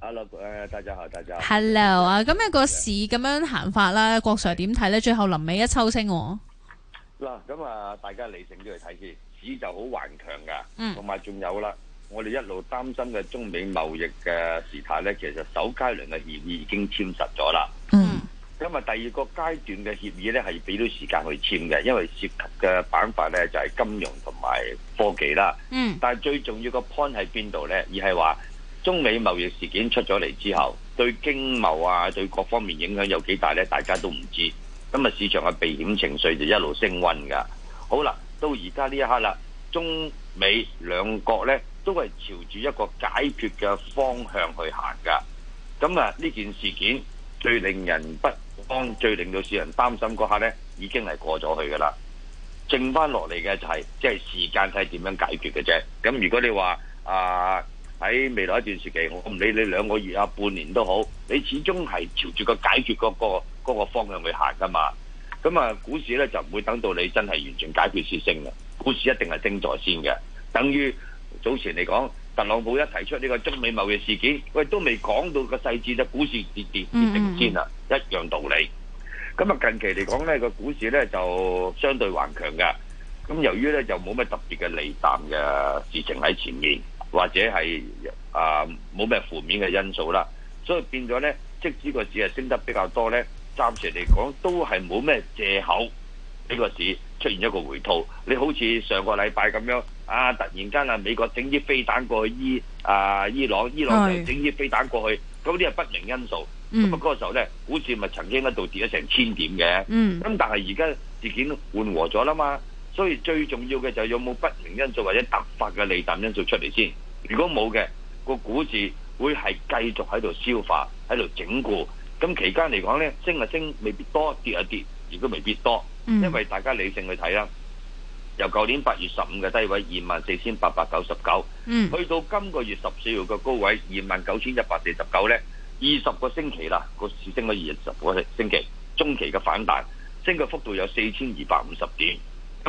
Hello 誒，Hello，大家好，大家好。Hello 啊，咁一個市咁樣行法啦，的郭 Sir 點睇咧？最後臨尾一,一抽升，哦。嗱，咁啊，大家理性啲去睇先，市就好頑強噶，同埋仲有啦，我哋一路擔心嘅中美貿易嘅事態咧，其實首階段嘅協議已經簽實咗啦，嗯，咁啊，第二個階段嘅協議咧係俾到時間去簽嘅，因為涉及嘅板塊咧就係金融同埋科技啦，嗯，但係最重要個 point 喺邊度咧？而係話。中美貿易事件出咗嚟之後，對經貿啊，對各方面影響有幾大呢？大家都唔知。咁啊，市場嘅避險情緒就一路升溫噶。好啦，到而家呢一刻啦，中美兩國呢都係朝住一個解決嘅方向去行噶。咁啊，呢件事件最令人不安、最令到市人擔心嗰刻呢，已經係過咗去噶啦。剩翻落嚟嘅就係即係時間睇係點樣解決嘅啫。咁如果你話啊，喺未來一段時期，我唔理你兩個月啊、半年都好，你始終係朝住個解決、嗰個、嗰個方向去行噶嘛。咁啊，股市咧就唔會等到你真係完全解決先升嘅，股市一定係升在先嘅。等於早前嚟講，特朗普一提出呢個中美貿易事件，喂都未講到個細節，就股市跌跌跌停先啦，嗯嗯一樣道理。咁啊，近期嚟講咧，個股市咧就相對頑強嘅。咁由於咧就冇咩特別嘅利淡嘅事情喺前面。或者係啊冇咩負面嘅因素啦，所以變咗咧，即使個市係升得比較多咧，暫時嚟講都係冇咩藉口呢個市出現一個回吐。你好似上個禮拜咁樣啊，突然間啊美國整啲飛彈過去伊啊伊朗，伊朗就整啲飛彈過去，咁啲係不明因素。咁啊嗰個時候咧，股市咪曾經喺度跌咗成千點嘅。咁、嗯、但係而家事件緩和咗啦嘛。所以最重要嘅就係有冇不明因素或者突發嘅利淡因素出嚟先。如果冇嘅，那個股市會係繼續喺度消化，喺度整固。咁期間嚟講呢，升啊升，未必多；跌啊跌，亦都未必多。因為大家理性去睇啦。由舊年八月十五嘅低位二萬四千八百九十九，去到今個月十四號嘅高位二萬九千一百四十九呢，二十個星期啦，個市升咗二十個星期，中期嘅反彈升嘅幅度有四千二百五十點。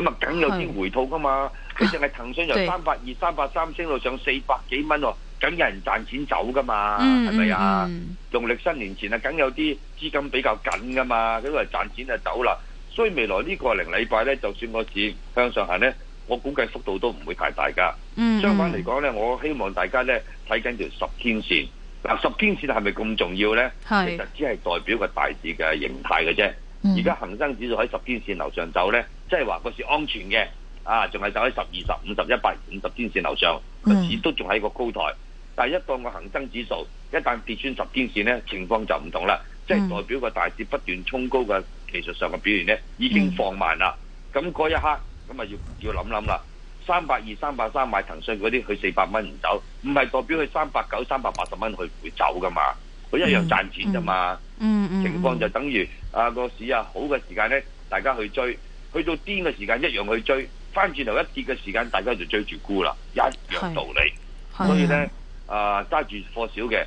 咁啊，梗有啲回吐噶嘛？佢淨係騰訊由三百二、三百三升到上四百幾蚊喎，梗有人賺錢走噶嘛？係咪啊？農曆吧、嗯、新年前啊，梗有啲資金比較緊噶嘛？咁啊，賺錢就走啦。所以未來呢個零禮拜咧，就算我指向上行咧，我估計幅度都唔會太大噶。嗯、相反嚟講咧，嗯、我希望大家咧睇緊條十天線。嗱、呃，十天線係咪咁重要咧？是其實只係代表個大市嘅形態嘅啫。而家恒生指數喺十天線樓上走呢，即係話嗰市安全嘅，啊，仲係走喺十二、十五、十一百五十天線樓上，市、嗯、都仲喺個高台。但係一當個恒生指數一旦跌穿十天線呢，情況就唔同啦，即、就、係、是、代表個大市不斷衝高嘅技術上嘅表現呢已經放慢啦。咁嗰、嗯、一刻，咁啊要要諗諗啦。三百二、三百三買騰訊嗰啲，佢四百蚊唔走，唔係代表佢三百九、三百八十蚊佢會走噶嘛？佢一樣賺錢咋嘛？嗯嗯嗯，情況就等於啊、個市啊好嘅時間呢，大家去追，去到癲嘅時間一樣去追，翻轉頭一跌嘅時間，大家就追住沽啦，一樣道理。是所以呢，是是啊揸住貨少嘅，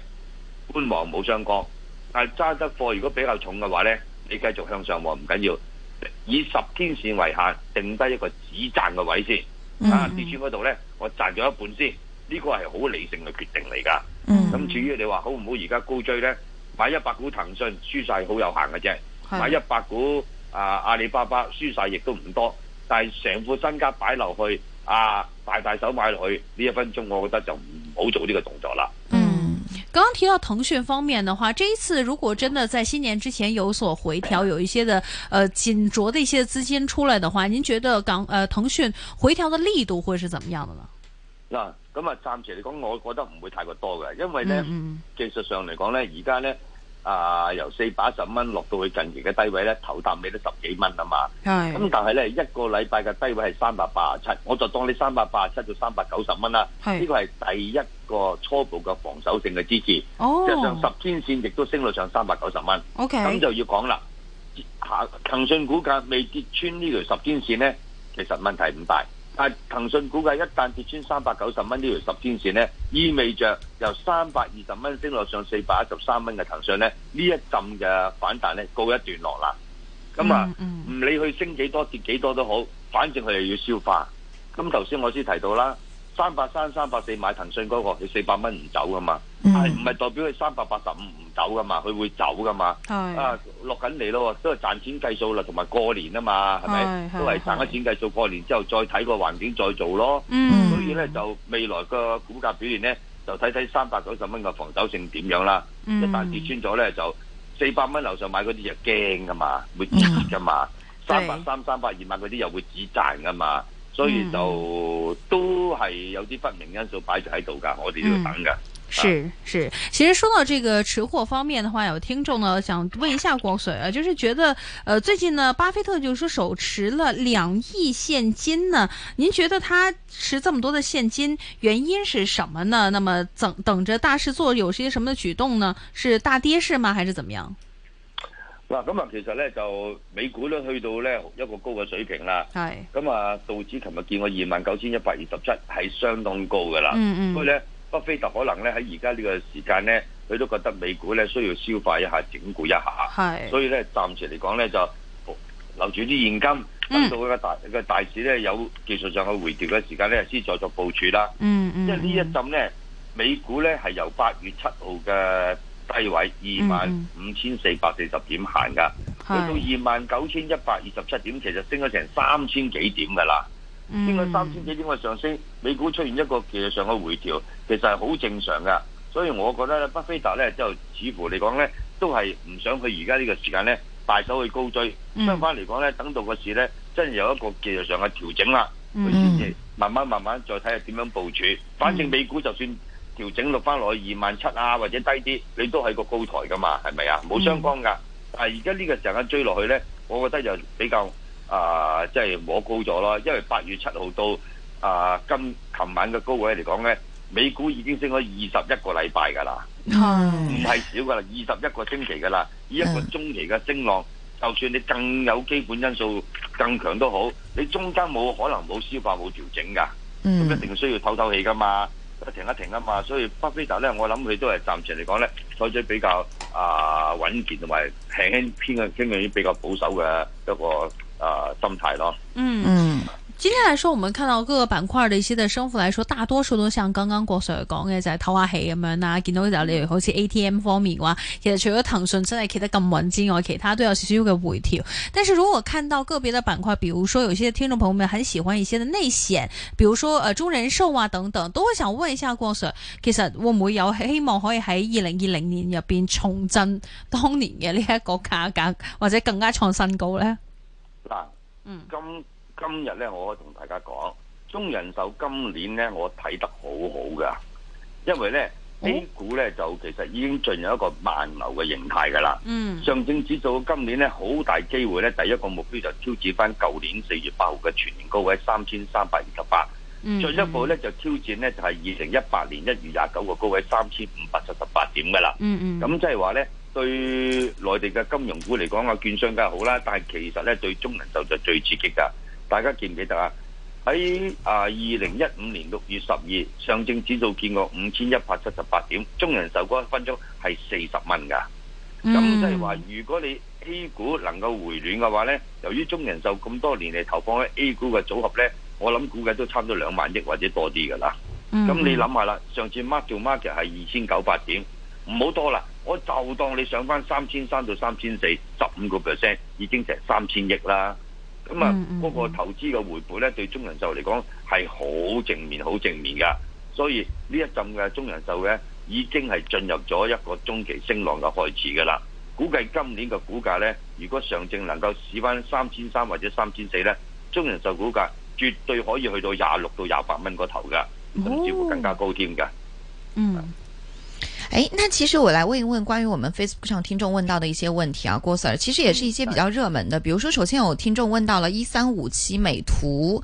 觀望冇相干，但係揸得貨如果比較重嘅話呢，你繼續向上望唔緊要，要，以十天線為限，定低一個止賺嘅位先。嗯、啊，跌穿嗰度呢，我賺咗一半先，呢、呢個係好理性嘅決定嚟噶。咁、嗯、至於你話好唔好而家高追呢？買一百股騰訊輸晒好有限嘅啫，買一百股啊、呃、阿里巴巴輸晒亦都唔多，但係成副身家擺落去啊，大大手買落去呢一分鐘，我覺得就唔好做呢個動作啦。嗯，剛剛提到騰訊方面的話，這一次如果真的在新年之前有所回調，有一些的呃緊着的一些資金出來的話，您覺得港呃騰訊回調的力度會是怎麼樣的呢？嗱、啊。咁啊，暫時嚟講，我覺得唔會太過多嘅，因為咧、嗯、哼技術上嚟講咧，而家咧啊，由四百一十蚊落到去近期嘅低位咧，頭啖尾都十幾蚊啊嘛。係是。咁但係咧一個禮拜嘅低位係三百八十七，我就當你三百八十七到三百九十蚊啦。係。呢個係第一個初步嘅防守性嘅支持。哦。即上十天線，亦都升到上三百九十蚊。OK。咁就要講啦，下騰訊股價未跌穿呢條十天線咧，其實問題唔大。但騰訊估計一旦跌穿三百九十蚊呢條十天線咧，意味着由三百二十蚊升落上四百一十三蚊嘅騰訊咧，呢一陣嘅反彈咧告一段落啦。咁啊，唔理佢升幾多，跌幾多都好，反正佢又要消化。咁頭先我先提到啦。三百三三百四買騰訊嗰個，佢四百蚊唔走噶嘛，係唔係代表佢三百八十五唔走噶嘛？佢會走噶嘛？是啊，落緊嚟咯，都係賺錢計數啦，同埋過年啊嘛，係咪？都係賺咗錢計數，過年之後再睇個環境再做咯。嗯、所以咧就未來個股價表現咧，就睇睇三百九十蚊嘅防守性點樣啦。嗯、一旦跌穿咗咧，就四百蚊樓上買嗰啲就驚噶嘛，會跌噶嘛。三百三三百二萬嗰啲又會止賺噶嘛。所以就都係有啲不明因素擺住喺度噶，我哋要等噶。嗯啊、是是，其實說到這個持貨方面的話，有聽眾呢想問一下郭 Sir 啊，就是覺得，呃，最近呢，巴菲特就說手持了兩億現金呢，您覺得他持這麼多的現金原因是什麼呢？那麼等等着大市做有些什麼的舉動呢？是大跌市嗎？還是怎麼樣？嗱，咁啊，其實咧就美股咧去到咧一個高嘅水平啦。係是。咁啊，道指琴日見過二萬九千一百二十七，係相當高噶啦。嗯嗯。所以咧，巴菲特可能咧喺而家呢在在個時間咧，佢都覺得美股咧需要消化一下、整固一下。係是。所以咧，暫時嚟講咧就留住啲現金，等到佢個大個、嗯、大市咧有技術上去回調嘅時間咧，先再作部署啦。嗯，嗯嗯。即係呢一陣咧，美股咧係由八月七號嘅，低位二萬五千四百四十點行噶，去、嗯、到二萬九千一百二十七點，其實升咗成三千幾點噶啦，嗯、升咗三千幾點嘅上升，美股出現一個技術上嘅回調，其實係好正常噶，所以我覺得巴菲特咧就似乎嚟講咧，都係唔想佢而家呢個時間咧大手去高追，嗯、相反嚟講咧，等到個市咧真係有一個技術上嘅調整啦，佢先至慢慢慢慢再睇下點樣部署。嗯、反正美股就算。調整落翻落去二萬七啊，或者低啲，你都係個高台噶嘛，係咪啊？冇相干噶。但係而家呢個時間追落去呢，我覺得就比較啊，即、呃、係、就是、摸高咗啦，因為八月七號到啊、呃、今琴晚嘅高位嚟講呢，美股已經升咗二十一個禮拜噶啦，唔係少噶啦，二十一個星期噶啦。呢是一個中期嘅升浪，是就算你更有基本因素更強都好，你中間冇可能冇消化冇調整噶，咁一定需要透透氣㗎嘛。.停一停啊嘛，所以巴菲特咧，我諗佢都係暫時嚟講咧，採取比較啊呃、穩健同埋輕輕偏向傾向於比較保守嘅一個啊、呃、心態咯。嗯。嗯。今天來說，我們看到各個板塊的一些的升幅來說，大多數都像剛剛郭 Sir 講嘅就係透下氣咁樣啦，見到就例如好似 ATM 方面嘅話，其實除咗騰訊真係企得咁穩之外，其他都有少少嘅回調。但是如果看到個別的板塊，比如說有些聽眾朋友們很喜歡一些的內險，比如說誒、呃、中人壽啊等等，都會想問一下郭 Sir，其實會唔會有希望可以喺二零二零年入邊重振當年嘅呢一個價格，或者更加創新高呢？嗱，嗯，咁。今日咧，我同大家講，中人壽今年咧，我睇得好好噶，因為咧呢、oh. A 股咧就其實已經進入一個慢牛嘅形態噶啦。嗯，mm. 上證指數今年咧好大機會咧，第一個目標就挑戰翻舊年四月八號嘅全年高位三千三百二十八，進一步咧就挑戰咧就係二零一八年一月廿九個高位三千五百七十八點噶啦。嗯嗯，咁即係話咧，對內地嘅金融股嚟講啊，券商梗係好啦，但係其實咧對中人壽就最刺激噶。大家記唔記得啊？喺啊二零一五年六月十二，上證指數見過五千一百七十八點，中人壽嗰一分鐘係四十蚊噶。咁即係話，如果你 A 股能夠回暖嘅話呢，由於中人壽咁多年嚟投放喺 A 股嘅組合呢，我諗估計都差唔多兩萬億或者多啲噶啦。咁、mm. 你諗下啦，上次 market market 係二千九百點，唔好多啦，我就當你上翻三千三到三千四，十五個 percent 已經成三千億啦。咁啊，嗰個投資嘅回報咧，對中人壽嚟講係好正面、好正面㗎。所以呢一陣嘅中人壽咧，已經係進入咗一個中期升浪嘅開始㗎啦。估計今年嘅股價咧，如果上證能夠試翻三千三或者三千四咧，中人壽股價絕對可以去到廿六到廿八蚊個頭㗎，甚至乎更加高添㗎。嗯。誒，那其實我來問一問關於我們 Facebook 上聽眾問到的一些問題啊，郭 Sir，其實也是一些比較熱門的，比如說，首先有聽眾問到了一三五七美圖。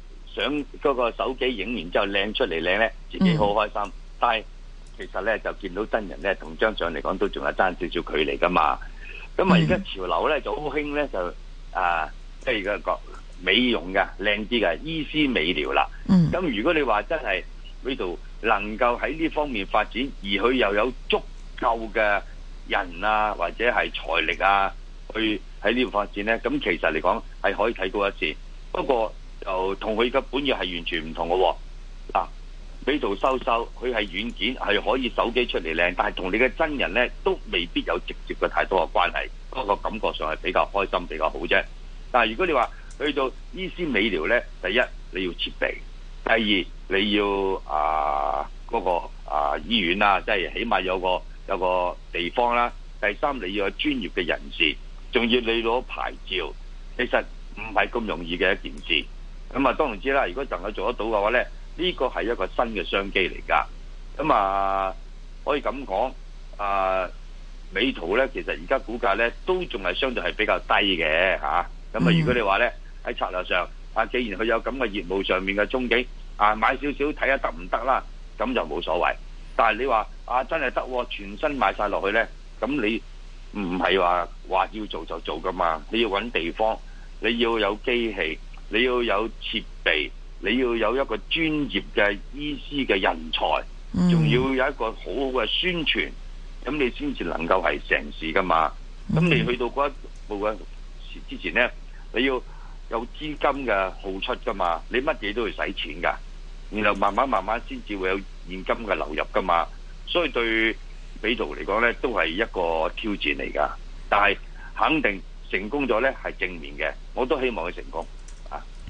想嗰個手機影完之後靚出嚟靚咧，自己好開心。Mm. 但係其實咧就見到真人咧，同張相嚟講都仲係爭少少距離噶嘛。咁啊而家潮流咧就好興咧就啊即係個美容嘅靚啲嘅醫美療啦。咁、mm. 如果你話真係呢度能夠喺呢方面發展，而佢又有足夠嘅人啊或者係財力啊去喺呢度發展咧，咁其實嚟講係可以睇高一線。不過就同佢嘅本意係完全唔同嘅喎，嗱，美圖秀秀，佢係軟件係可以手機出嚟靚，但係同你嘅真人呢都未必有直接嘅太多嘅關係，嗰個感覺上係比較開心，比較好啫。但係如果你話去到醫美美療呢，第一你要設備，第二你要啊嗰個啊醫院啦，即係起碼有個有個地方啦，第三你要有專業嘅人士，仲要你攞牌照，其實唔係咁容易嘅一件事。咁啊，當然知啦。如果能夠做得到嘅話呢，呢個係一個新嘅商機嚟噶。咁啊，可以咁講啊，美圖呢，其實而家股價呢，都仲係相對係比較低嘅吓。咁啊，如果你話呢，喺策略上，啊，既然佢有咁嘅業務上面嘅憧憬，啊，買少少睇下得唔得啦，咁就冇所謂。但係你話啊，真係得、啊、全身買晒落去呢，咁你唔係話話要做就做噶嘛？你要揾地方，你要有機器。你要有設備，你要有一個專業嘅醫師嘅人才，仲要有一個好好嘅宣傳，咁你先至能夠係成事噶嘛。咁你去到嗰一步嘅之前呢，你要有資金嘅耗出噶嘛，你乜嘢都要使錢噶，然後慢慢慢慢先至會有現金嘅流入噶嘛。所以對比圖嚟講呢，都係一個挑戰嚟噶。但係肯定成功咗呢，係正面嘅，我都希望佢成功。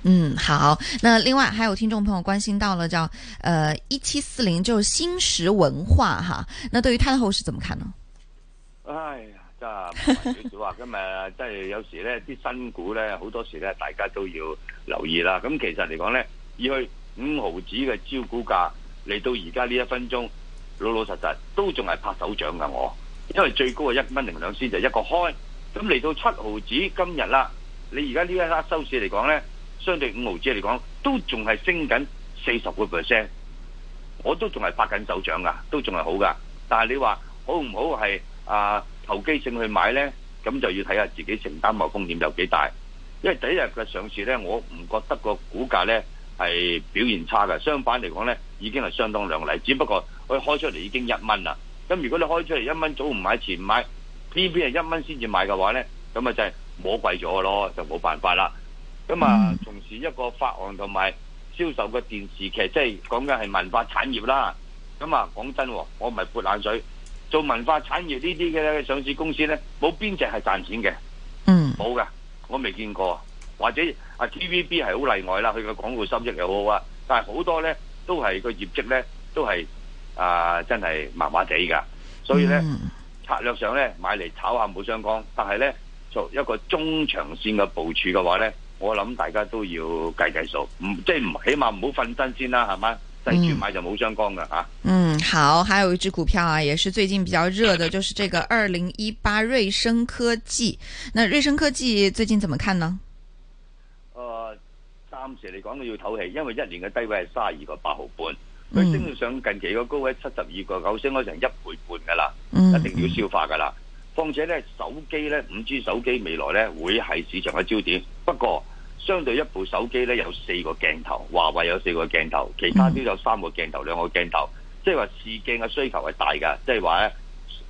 嗯，好。那另外還有聽眾朋友關心到了，叫，呃，一七四零，就是新時文化哈。那對於他的後市怎麼看呢？哎呀，真係，少少話今日即係有時呢啲新股呢，好多時呢，大家都要留意啦。咁其實嚟講呢，以去五毫子嘅招股價嚟到而家呢一分鐘，老老實實都仲係拍手掌噶我，因為最高係一蚊零兩仙就一個開。咁嚟到七毫子今日啦，你而家呢一刻收市嚟講呢，相對五毫紙嚟講，都仲係升緊四十個 percent，我都仲係拍緊手掌噶，都仲係好噶。但係你話好唔好係啊投機性去買呢？咁就要睇下自己承擔嘅風險有幾大。因為第一日嘅上市呢，我唔覺得個股價呢係表現差㗎。相反嚟講呢，已經係相當亮麗。只不過佢開出嚟已經一蚊啦。咁如果你開出嚟一蚊早唔買，前唔買，偏偏係一蚊先至買嘅話呢，咁啊就係摸貴咗咯，就冇辦法啦。咁啊，從事一個發行同埋銷售嘅電視劇，即係講緊係文化產業啦。咁啊，講真、哦，我唔係潑冷水，做文化產業呢啲嘅上市公司呢，冇邊隻係賺錢嘅。嗯，冇噶，我未見過，或者啊，TVB 係好例外啦，佢嘅廣告收益又好好啊。但係好多呢，都係個業績呢，都係啊、呃，真係麻麻地噶。所以呢，策略上呢，買嚟炒下冇相干。但係呢，做一個中長線嘅部署嘅話呢。我諗大家都要計計數，唔即係唔起碼唔好瞓身先啦，係嘛？低處買就冇相干噶吓。啊、嗯，好，還有一隻股票啊，也是最近比較熱的，就是這個二零一八瑞聲科技。 那瑞聲科技最近怎麼看呢？誒、呃，暫時嚟講都要唞氣，因為一年嘅低位係卅二個八毫半，佢升到上近期個高位七十二個九，升咗成一倍半噶啦，嗯、一定要消化噶啦。嗯況且咧，手機咧，五 G 手機未來咧會係市場嘅焦點。不過相對一部手機咧，有四個鏡頭，華為有四個鏡頭，其他都有三個鏡頭、兩個鏡頭。即係話視鏡嘅需求係大㗎，即係話咧，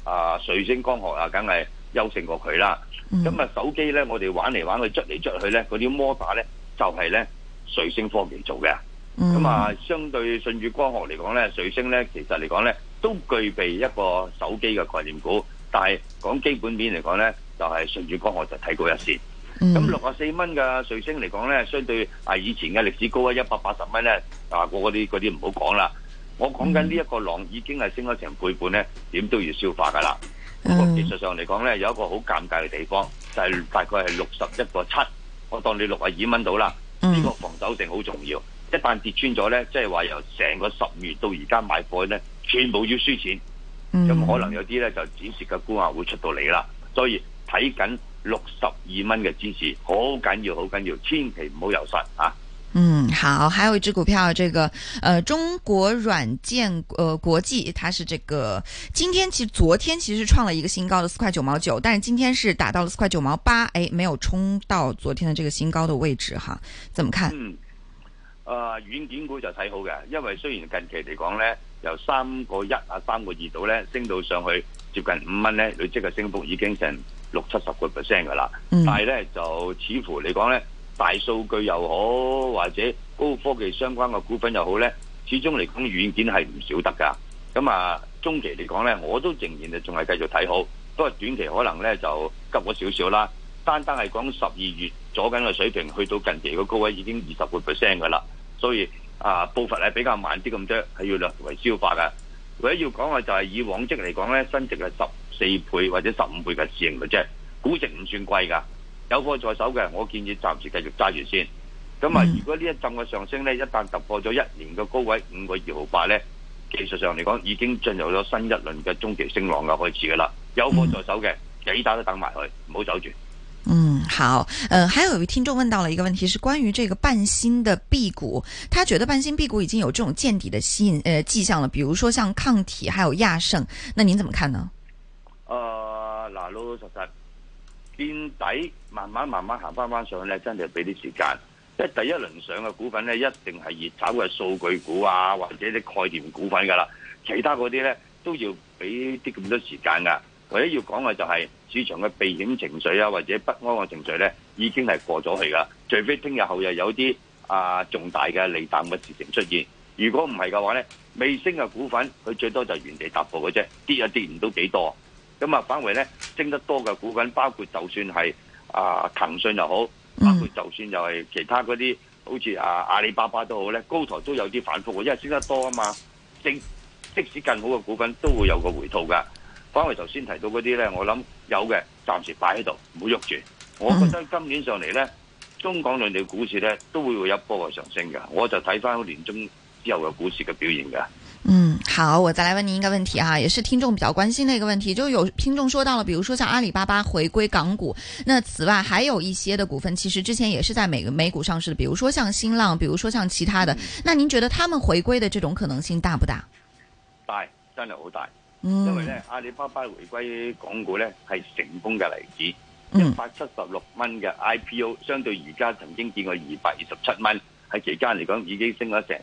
啊瑞星光學啊，梗係優勝過佢啦。咁啊、嗯，手機咧，我哋玩嚟玩去，出嚟出去咧，嗰啲摩打咧就係、是、咧瑞星科技做嘅。咁啊、嗯，相對信譽光學嚟講咧，瑞星咧其實嚟講咧都具備一個手機嘅概念股。但係講基本面嚟講咧，就係順住江河就睇過一線。咁六啊四蚊嘅瑞聲嚟講咧，相對啊以前嘅歷史高啊一百八十蚊咧，啊嗰啲嗰啲唔好講啦。我講緊呢一個浪已經係升咗成倍半咧，點都要消化噶啦。技術上嚟講咧，有一個好尷尬嘅地方就係大概係六十一個七，我當你六啊二蚊到啦，呢個防守性好重要。一旦跌穿咗咧，即係話由成個十月到而家買貨咧，全部要輸錢。咁、嗯嗯、可能有啲咧就展示嘅股啊會出到嚟啦，所以睇緊六十二蚊嘅支持，好緊要好緊要，千祈唔好游散啊！嗯，好，還有一隻股票，這個，呃，中國軟件，呃，國際，它是這個，今天其實昨天其實創了一個新高的四塊九毛九，但係今天是打到了四塊九毛八，誒，沒有衝到昨天的這個新高的位置哈，怎麼看？嗯啊，軟件股就睇好嘅，因為雖然近期嚟講咧，由三個一啊三個二度咧升到上去接近五蚊咧，累積嘅升幅已經成六七十個 percent 噶啦。嗯，但係咧就似乎嚟講咧，大數據又好或者高科技相關嘅股份又好咧，始終嚟講軟件係唔少得噶。咁啊，中期嚟講咧，我都仍然地仲係繼續睇好，不過短期可能咧就急咗少少啦。單單係講十二月左緊嘅水平去到近期個高位已經二十個 percent 噶啦。所以啊，步伐咧比較慢啲咁啫，係要略為消化噶。唯一要講嘅就係以往績嚟講咧，新值係十四倍或者十五倍嘅市盈率啫。估值唔算貴㗎，有貨在手嘅，我建議暫時繼續揸住先。咁啊，如果呢一陣嘅上升咧，一旦突破咗一年嘅高位五個二毫八咧，技術上嚟講已經進入咗新一輪嘅中期升浪嘅開始㗎啦。有貨在手嘅，幾打都等埋佢，唔好走住。嗯，好。嗯、呃，還有一位聽眾問到了一個問題，是關於這個半新嘅 B 股，他覺得半新 B 股已經有這種見底的吸引，誒、呃、跡象了。比如說像抗體，還有亞盛，那您怎麼看呢？啊，嗱，老老實實見底，慢慢慢慢行翻翻上去呢，真係要俾啲時間。即係第一輪上嘅股份呢，一定係熱炒嘅數據股啊，或者啲概念股份噶啦，其他嗰啲呢，都要俾啲咁多時間噶。唯一要講嘅就係、是。市場嘅避險情緒啊，或者不安嘅情緒咧，已經係過咗去噶。除非聽日後日有啲啊重大嘅利淡嘅事情出現，如果唔係嘅話咧，未升嘅股份佢最多就原地踏步嘅啫，跌一跌唔到幾多。咁啊反為咧升得多嘅股份，包括就算係啊騰訊又好，包括就算又係其他嗰啲好似啊阿里巴巴都好咧，高台都有啲反覆，因為升得多啊嘛升，即使更好嘅股份都會有個回吐噶。返回頭先提到嗰啲呢，我諗有嘅暫時擺喺度，唔好喐住。我覺得今年上嚟呢，嗯、中港兩地的股市呢都會有一波嘅上升嘅。我就睇翻年中之後嘅股市嘅表現嘅。嗯，好，我再來問您一個問題啊，也是聽眾比較關心的一個問題，就有聽眾說到了，比如說像阿里巴巴回歸港股，那此外還有一些的股份，其實之前也是在美美股上市的，比如說像新浪，比如說像其他的，嗯、那您覺得他們回歸的這種可能性大不大？大，真係好大。因為咧，阿里巴巴回歸港股咧係成功嘅例子，一百七十六蚊嘅 IPO，相對而家曾經見過二百二十七蚊，喺期間嚟講已經升咗成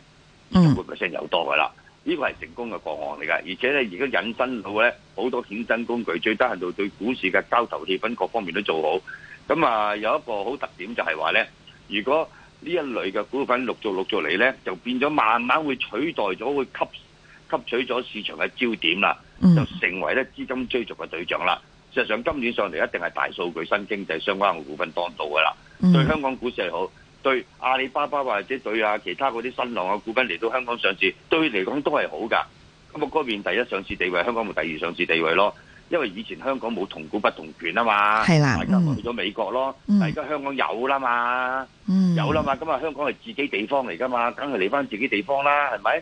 二十個 percent 有多噶啦。呢、呢個係成功嘅個案嚟噶，而且咧而家引申到咧好多衍生工具，最低限度對股市嘅交投氣氛各方面都做好。咁啊有一個好特點就係話咧，如果呢一類嘅股份陸續陸續嚟咧，就變咗慢慢會取代咗，會吸吸取咗市場嘅焦點啦。就成為咧資金追逐嘅對象啦。事實上，今年上嚟一定係大數據、新經濟相關嘅股份當道噶啦。嗯、對香港股市係好，對阿里巴巴或者對啊其他嗰啲新浪嘅股份嚟到香港上市，對嚟講都係好噶。咁啊，嗰邊第一上市地位，香港冇第二上市地位咯。因為以前香港冇同股不同權啊嘛，係啦，大家去咗美國咯。嗯、但而家香港有啦嘛，嗯、有啦嘛。咁啊，香港係自己地方嚟噶嘛，梗係嚟翻自己地方啦，係咪？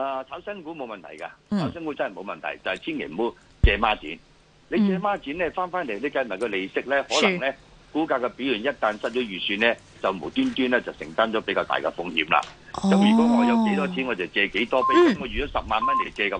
啊！炒新股冇問題噶，炒新股真係冇問題，嗯、就係千祈唔好借孖展。你借孖展咧，翻翻嚟你計埋個利息咧，可能咧股價嘅表現一旦失咗預算咧，就無端端咧就承擔咗比較大嘅風險啦。咁、哦、如果我有幾多錢，我就借幾多。譬如我預咗十萬蚊嚟借嘅話。嗯的話